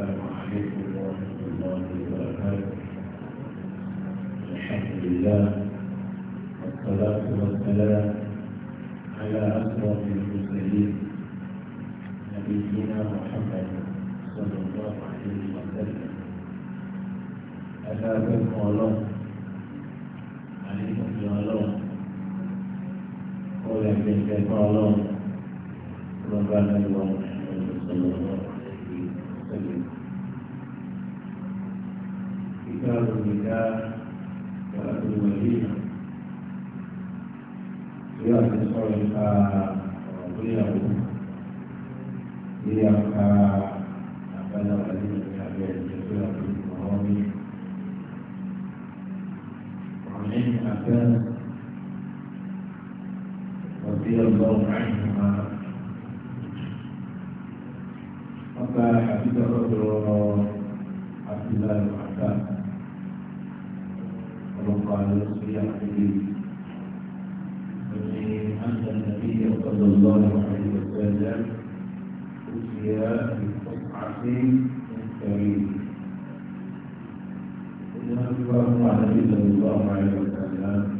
السلام عليكم ورحمة الله وبركاته الحمد لله والصلاة والسلام على أشرف المرسلين نبينا محمد صلى الله عليه وسلم ألا بكم الله عليكم يا الله قولا من الله ربنا صلى الله عليه وسلم Muslim. Kita berbicara dalam dunia ini. Ia adalah seorang uh, beliau. Ia adalah عبد كريم ونحن الله عليه وسلم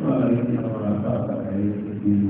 Wọ́n á lè ní àwọn àbá àbàkà yìí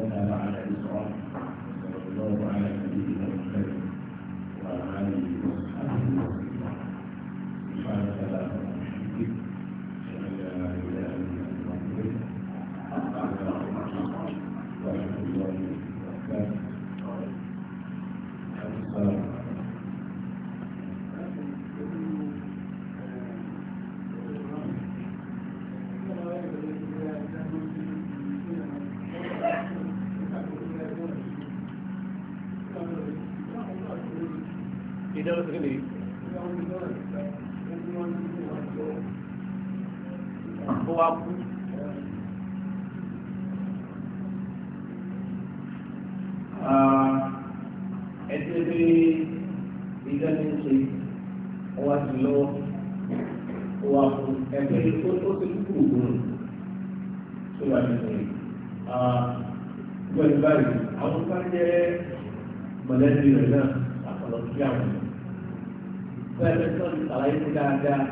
我来买一双。ti lọ́wọ́ ó wà fún ẹgbẹ́ tó tó ti kúrò gbòòrò tó wà nínú rẹ̀ gbọ́dọ̀ báyìí àwọn bá jẹ́ mọ̀lẹ́bí rẹ̀ náà àkọlọ́ sí àwọn bẹ́ẹ̀ tó ti sàlàyé fún dáadáa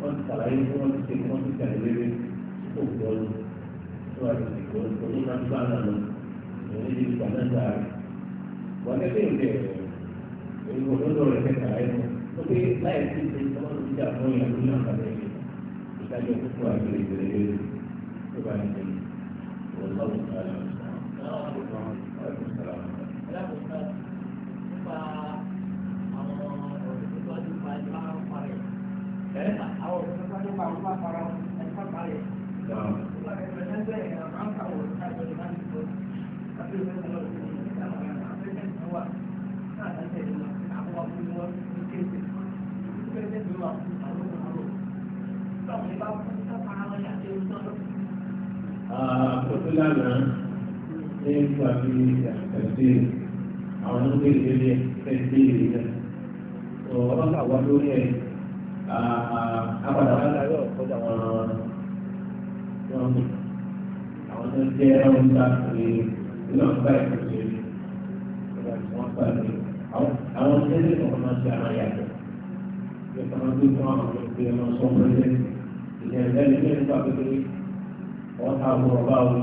wọ́n ti sàlàyé fún wọn ti ṣe wọ́n ti tẹ̀lé lérè kó gbọ́ lọ tó wà nínú ìkọ́ onígbàgbọ́ náà lọ ìrìn ìgbà náà dáa wọ́n ti pé láì sí ṣe tọ́wọ́ ti dà fún ìyàwó náà kàlẹ́ yìí ìdájọ́ púpọ̀ àgbèrè ìbẹ̀rẹ̀ yìí tó bá ń ṣe wọ́n lọ́wọ́ lánàá ní ìgbà bí ẹ̀sìn àwọn ọmọ ìlú ní ẹ̀sìn ìlú náà. ọ̀rọ̀ náà wà lórí ẹ̀ àpàdà wà láyé ọ̀kọ́jà wọn wọn mú àwọn tó jẹ́ ọ̀hún ta pé nínú ọ̀gbà ìpínlẹ̀ ìgbà tí wọ́n gbà ní àwọn tó jẹ́ ọ̀hún náà ti àwọn yàtọ̀ ìgbà tí wọ́n gbé fún àwọn ìgbìmọ̀ sọ́kùnrin ìjẹ̀lẹ́ni nípa pé wọ́n ta àwọn ọ̀bá wọn.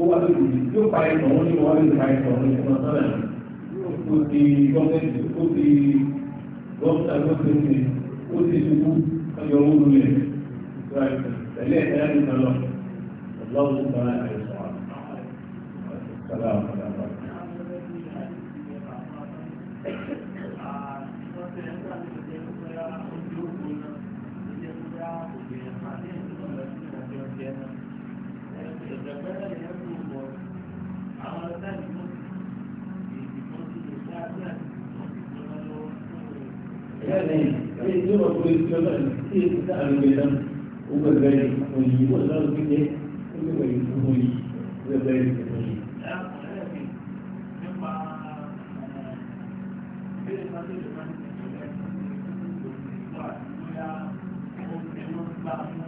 ó wá lórí yóò pa ẹ̀sọ̀ wọn ní wọn lè pa ẹ̀sọ̀ wọn ní wọn sọ́nà ó ti gọ́ọ̀mẹ̀ntì ó ti gọ́ọ̀mẹ̀ntì agọ́sẹ̀sẹ̀ ó ti ṣubú ọyọ owó lulẹ̀ tẹ̀lé ẹ̀dá ní sọlọ ọlọ́run sọlá àìsàn sọlá ọ̀sán. Gracias yau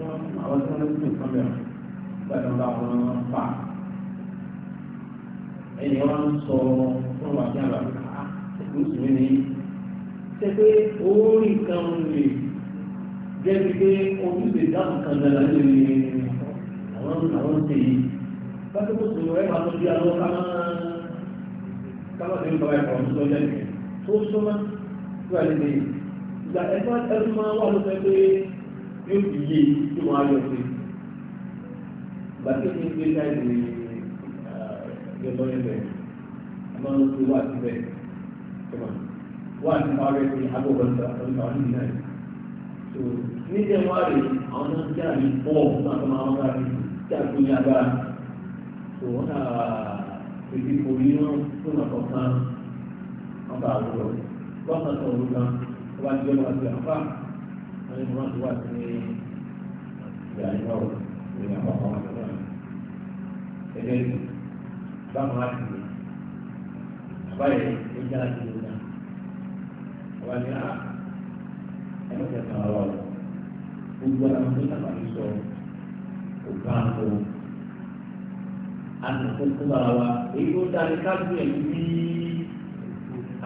àwọn tí wọ́n lé kúrò kan bẹ̀rẹ̀ gbàdọ̀ bá wọn fà ẹni wọn sọ fún wa bí àbá ẹgbẹ́ òsùnmí ni ṣe pé orí kan lè jẹ́ bí pé ojúṣe dáhùn kan dára lè àwọn àwọn ṣe yìí bájú kò ẹ̀ máa tọ́jú àwọn kámá kámá tó ń bá ẹ̀kọ́ tó lọ́jọ́ ẹ̀ tó súnmọ́ tó àlejò yìí ìgbà ẹ̀fọ́ ẹ̀rú máa wà ló yóò di yé tí wọ́n á yọ sí. Ìgbà tí mi gbé láìpẹ́ eh, ìjọba ẹgbẹ́ a máa ń fi wá síbẹ̀ wá sí parẹ́ sí agbóhùnsá ọ̀nà ọ̀nà náà. So ní Jẹ́wárì àwọn náà jẹ́ àmì pọ̀ náà tó máa ń wá sí jẹ́ àkóyè agbára. So wọ́n náà fèsì kò ní wọ́n tó nà kọ̀ọ̀kan ọba àwòrán. Wọ́n kàn sọ̀rọ̀ kan wọ́n á jẹ́ wọ́n á ti wọ́n ní wọ́n ti wá sí ìgbà yìí wọ́n ní àwọn ọmọ ọmọ náà ẹgbẹ́ yìí báwọn á ti lè àbáyé ó já sí ìlú náà ọba ní àá ẹnu kẹta ọ̀rọ̀ gbogbo àwọn tó sábà ń sọ òkú àpò àtúntò fún ara wa èyí tó dáa ní káàdì ẹ̀ ní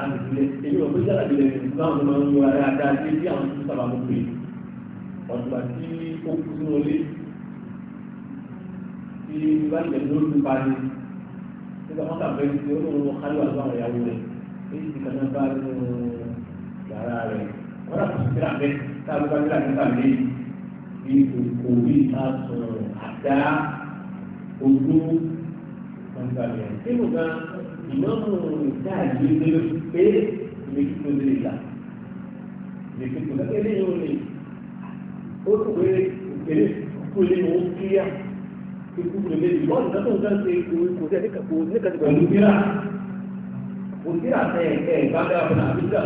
àgbègbè èyí ò gbéjà làbílẹ̀ nígbà wọn máa ń lo ara dáa dé bí àwọn tó sábà mú pé ọ̀gbà tí ó kú sínú ilé tí bájẹ̀ ló ti pa ni nígbà wọn kà bẹ́ẹ̀ ti olóòrùn wọn kálí wàlúwà àwọn ìyàwó rẹ̀ èyí ti kàná bá nínú yàrá rẹ̀ wọn kà sí síra bẹ́ẹ̀ tá a ló bá síra nípa mi bí kò rí àtún àdá ojú ọ̀gbà rẹ̀ nínú gan ìnáwó ìdáàbí ló pé ìmẹ̀kí tó lè là ìmẹ̀kí tó lè lè yóò lè. ó tún pé ìpele kú ilé ìwọ̀n kíá ikú lè lè wọ́n nǹkan tó ń dáńtẹ́ kò sí ẹ̀ka kò ní kàtí pẹ̀lú kíra kò kíra ẹ̀ ẹ̀ bá dáa fún àbíjà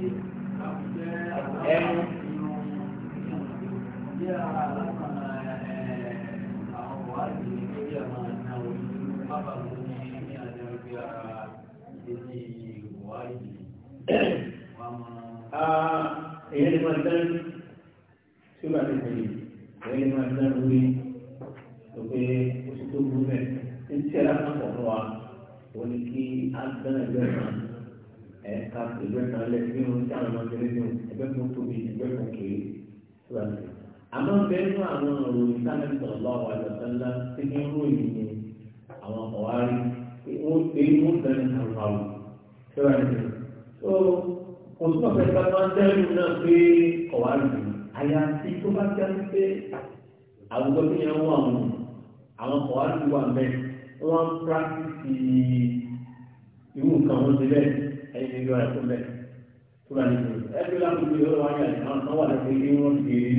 ẹmu èyí ni wọ́n dán tí ó bá ti tẹ̀lé èyí ni wọ́n dán lórí lórí oṣù tó burú bẹ́ẹ̀ tí tí ẹ̀ lásán pọ̀ fún wa òun ni kí á dán ẹgbẹ́ náà ẹ̀ka ìgbẹ́ kan lẹ̀ nínú tí àwọn ọmọdé nínú ẹgbẹ́ tó tóbi ẹgbẹ́ kan kéré síra sí. àmọ́ bẹ́ẹ̀ nínú àwọn òròyìn sálẹ̀ sọ̀rọ̀ àwọn àjọṣẹ́lá tí ní ròyìn ni àwọn ọ̀hárí èyí wọ́n bẹ̀rẹ̀ àwòrán síra sí. tó kò sí ọ̀fẹ́ bá máa ọ̀hárí ni àyàfi tó bá já sí pé àwùjọ tó yẹn wà wọn àwọn ọ̀hárí wà mẹ́ wọ́n pírátìsì irú nǹkan wọn ti bẹ́ẹ̀ ẹ̀yìn ìlú ayé tó bẹ̀ tó bá nìkan ẹbí láti fi ọ̀rọ̀ ayé àti àwọn kan wà lẹ́kọ̀ọ́ yìí wọ́n ti rí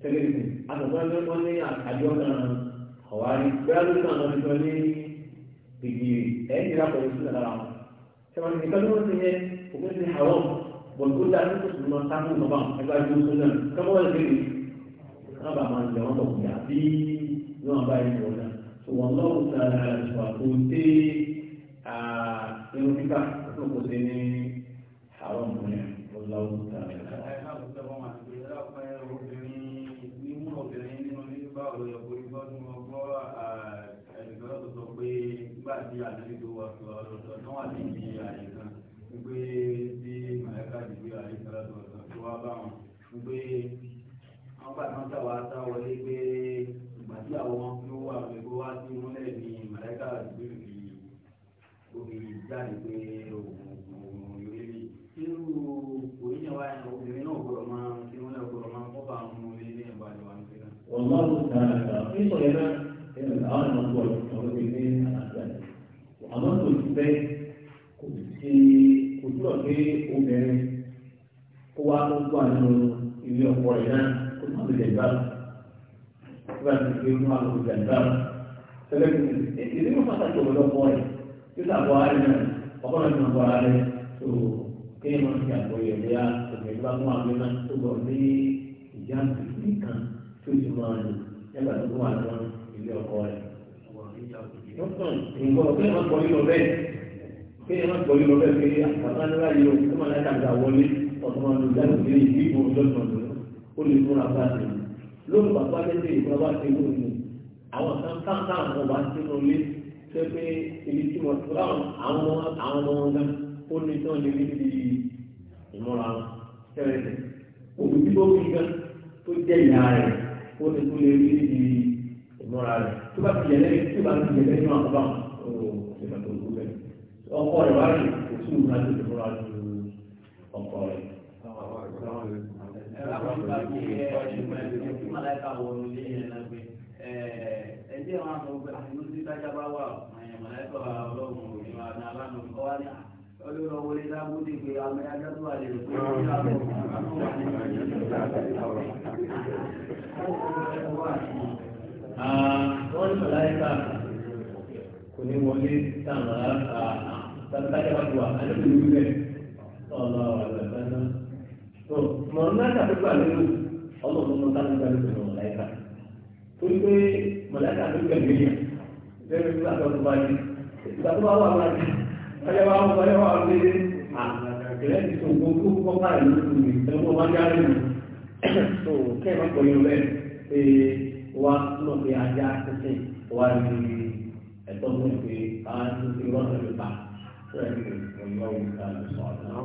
tẹ́lẹ̀kù àtọ̀kọ́ ẹgbẹ́ wọn ní àjọ kan ọ̀wárí bóyá ló sàn lọ́dún tó ní ìdí ẹ̀yìn ìlú akọ̀wé sílẹ̀ lára wọn sẹ́wọ̀n nìkan ló ti yẹ òkú ti àwọn bọ̀dù dá ní kò sùnmọ́ sáfù bàbá ẹgbẹ́ àti oṣù náà kọ́mọ́ wọn lè rí wọn bá máa jẹ wọn bọ̀ kúyà bí wọn bá yẹ wọn náà wọn lọ́wọ́ sàn àlàyé àti dé irun kíkà kò sí ní àwọn ọmọ yẹn ó láwùjọ tàbí ká. Gbàdí àdúgbò wa sọ ọ̀dọ̀ náà wà ní ìdí àyè kan wípé bí màlẹ́kà dìbò àyè kan lọ́dọ̀ ọ̀dọ̀ tó wá bá wọn wípé wọ́n gbà tán tà wá sá wọlé pé ìgbà tí àwọn wọn ló wà pé kó wá sí múlẹ̀ ní màlẹ́kà dìbò yìí òbí jáde pé ó sọ̀rọ̀ náà ẹ̀rọ àwọn ọ̀nà bọ̀ ọ̀rọ̀ ti ní àlàáfíà ni àmọ́ kò sí bẹ́ẹ̀ kò sí kò sí ọ̀gbẹ́ obìnrin kó wá tó gbà nínú ilé ọkọ rẹ̀ náà kó má lè gbà kó bá ti gbé má lè gbà tẹ́lẹ̀ kò sí ìdílé pàtàkì ọ̀rọ̀ ọkọ rẹ̀ kí sàbọ̀ ààrẹ náà ọkọ náà ti máa bọ̀ ààrẹ tó kéèyàn máa fi àgbọ̀ yẹ̀ bóyá òbí ẹgbẹ́ mú àgbẹ̀ náà tó bọ̀ ní ìjà nígbà tó wà ní ilé ọkọ rẹ̀. nǹkan ọ̀gbẹ́ máa gbọ́ yín lọ bẹ́ẹ̀ kí ẹ máa gbọ́ yín lọ bẹ́ẹ̀ pé àgbàdo ah, ńlá yìí o kó máa láti àgbà wọlé ọ̀tọ̀mọ̀ ló dá lóde ìdí ìbò lọ́sọ̀ọ̀dọ̀ ó lè múra bá a tẹ̀lé lórí bàbá tẹ́tẹ́ ìfúnra bá ti wúlò ní àwọn kankan táwọn ọmọ bá ti lọ lé ṣe pé ibi tí wọ́n ti ráwọn àwọn ọmọ wọn gan ó ní tí wọ́n lè fi ìmúra wọn tẹ́lẹ̀ òbí tí wọ́n fi gan tó jẹ́ ìyá rẹ̀ ó ti tún lè rí ibi ìmúra rẹ̀ tó bá ti yẹlẹ́ tó bá ti yẹlẹ́ nínú àkọ́bá ó ti bá tó kú bẹ́ẹ̀ ọkọ rẹ̀ wá kò sí ìmúra tó ìmúra ju ọkọ rẹ̀. ẹ̀ẹ́dẹ́gbẹ̀rún àwọn ọmọ ìlú ti dájábá wà ọ̀nà ìmọ̀lẹ́kọ̀ọ́ ọlọ́run òní ní aláàánú kọ́wá ní àná olùrọ̀ wọlé lábúdé pé àmì adájọ́ àlè rẹ̀ pé wọ́n yà bọ̀ wọ́n sọ láyéká kò ní wọlé táwọn ará tàbí wájú wa alẹ́kùn ní bẹ́ẹ̀ ọ̀nà ọ̀rẹ́ náà tó mọ̀ náà tàbí gbà lérò ọlọ́run mọ̀ táwọn gbà lérò mọ̀ láyéká tó ń pé mọ̀ tó gbẹ̀gbẹ̀ yẹn ìgbà tó bá wà wájú ọjọ́ wa ń sọlé wa ọdún ilé àgbẹ̀lẹ́ ti sọ gbogbo kọ́kọ́ rẹ̀ lóṣù mi tẹ́lẹ̀ wọ́n já rẹ̀ nù tó kẹ́ẹ̀ máa pọ̀lú bẹ́ẹ̀ pé wa mọ̀ pé ajá tẹ́tẹ́ wa ní ẹ̀tọ́ mọ̀ pé a ti fi wọ́n sọ̀rọ̀ bá sọ̀rọ̀ ní ọ̀yọ́ òkúta lọ́sọ̀rọ̀ náà.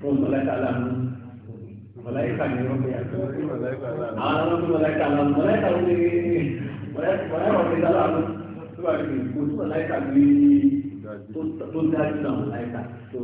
Kó mọ̀lẹ́ta lánàá malaika ni wọn bẹ yàtọ̀ àwọn ọmọ malaika la malaika wọn bẹ ọ̀rẹ́ ọ̀rẹ́ dáláàlú tó bá rí kò tó láìka ní tó dájú náà láìka tó.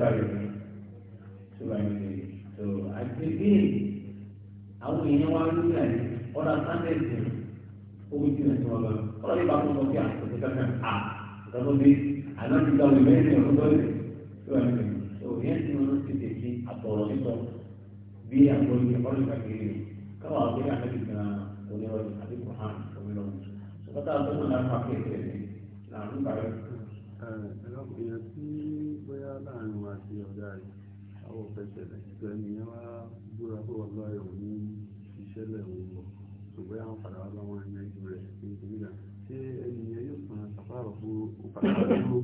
sábàbí mi tó bá ń fi tó àti bí àwọn èèyàn wá lórí àyè ọ̀dà sáńdẹ̀sì omi tí wọ́n ti wọ́n lọ ọ̀dà yìí bá tó sọ sí àtúntò kankan à ìtọ́jú bí àná ti dáwọ́ ìbẹ́rẹ́ ní ọ̀dọ́ lórí tó bá ń fi tó yẹn ti wọn ti tètè àtọ̀rọ̀ sísọ bí àgbọ̀n ìgbà ọ̀dọ̀ ìgbà kiri káwọn àwọn ìgbà èèyàn tí bóyá láàrin wa àti ọ̀gá rẹ̀ àwọn òfin ṣẹlẹ̀ ṣe ènìyàn wá búra pé wọ́n lọ́ọ́ ẹ̀wọ̀n ní iṣẹ́ lẹ́wọ̀n lọ ṣùgbọ́n àwọn padà wá bá wọn yanjú rẹ̀ nítorí náà ṣé ènìyàn yóò san àpárọ̀ fún òpàdé dúró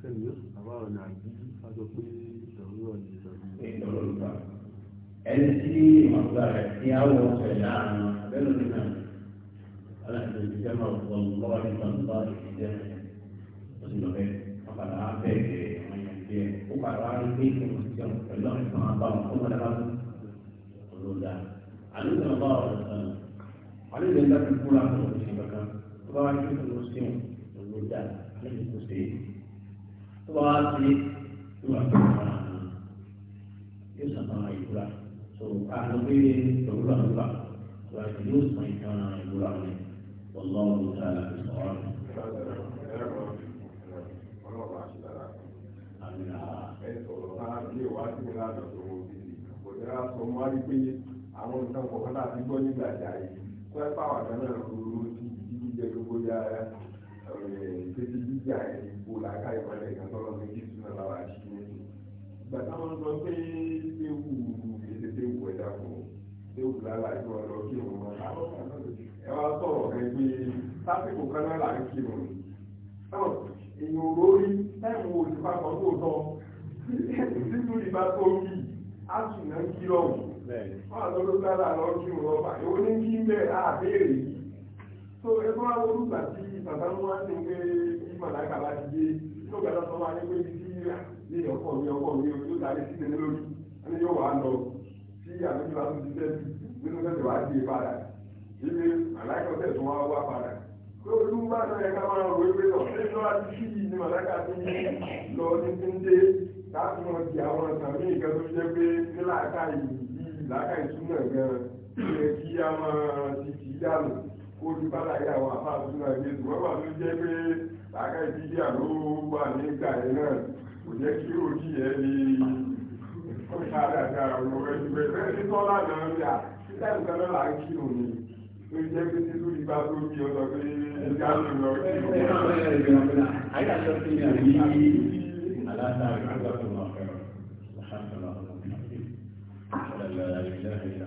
sẹ́ni yóò san àpárọ̀ ní àbí fájọ pé ìtọ̀rọ̀ ní ìtọ̀rọ̀. ẹni tí ìmọ̀gbà rẹ̀ ó sì lọ bẹ́ẹ̀ wọ́n padà wá bẹ́ẹ̀ kẹ́ àwọn èèyàn díẹ̀ ó padà wá rí pé ìṣòro ti jẹun pẹ̀lú àwọn ìṣòro àbá wọn tó padà bá tó olóòdà àlejò àbá ọ̀rọ̀ sọ̀rọ̀ àlejò ńlá ti kúrò àwọn òṣìṣẹ́ kankan tó bá wá ní ìṣòro síun olóòdà àlejò kò sí tó bá wá sí ìwà tó wà yóò sàtàn ìbúra tó káàdó pé ìbúra ìbúra tó àti yóò sàn ìtàn ìbúra rẹ̀ wọ́n lọ́wọ́ ìtàn ìbúra rẹ̀ ọlọ́run àwọn nǹkan kọ̀ọ̀kan láti gbọ́ nígbà jà yìí kó ẹ bá wà gánà rúru tí jíjẹ gbogbo ya títí jíjà ìbò làákà ìmọ̀lẹ̀ kan tọ́lọ́ ní kí sùn náà lára ṣí ní ti. ìgbà táwọn sọ pé séwù ètè séwù ẹ̀dá kò séwù lára ìlú ọ̀dọ́ kí òun mọ̀ ẹ wá sọ̀rọ̀ kan pé sásìkò kan náà là ń kírun. èèyàn lórí táìmù òsì papọ̀ tó tọ́ sínú ìbá tó ń bì á sì ná kí lọ́wọ́ wọ́n àtọ́jú gbára lọ kí n rọ́bà èwo ní kí n bẹ̀ á yìí tó ẹgbọ́n olùgbà tí bàbá ń wá ní pé bí bá ti tó gbàdọ̀ sọ wá ní pé ọkọ̀ mi ọkọ̀ mi ò tó darí sí lórí ẹni yóò wá lọ sí tó ti nínú padà ilé wá padà. lójú bá tó yẹ ká máa wé pé lọ sí lọ́wọ́ ti fi di àwọn ìsàmì ìgbà tó jẹ́ pé kíláàkà yìí làákà ìtúnà gan-an yẹ kí a máa ti kì í dànù kó ti bá láyé àwọn àbá àtúnà yìí ṣùgbọ́n wà tó jẹ́ pé làákà ìdílé àló wà ní ìgbà yẹn náà kò jẹ́ kí òjì yẹn ní tọ́lá náà ń yà sílẹ̀ nǹkan là ń kírun ni tó jẹ́ pé tí lórí bá tó bí ọ̀sọ̀ pé ẹ̀ka ló lọ sí ọ̀rọ̀. Àyíkájọ́ sí ní àyè aláta ìgbàgbọ́ tó máa fẹ́ràn. Alhamdulillah.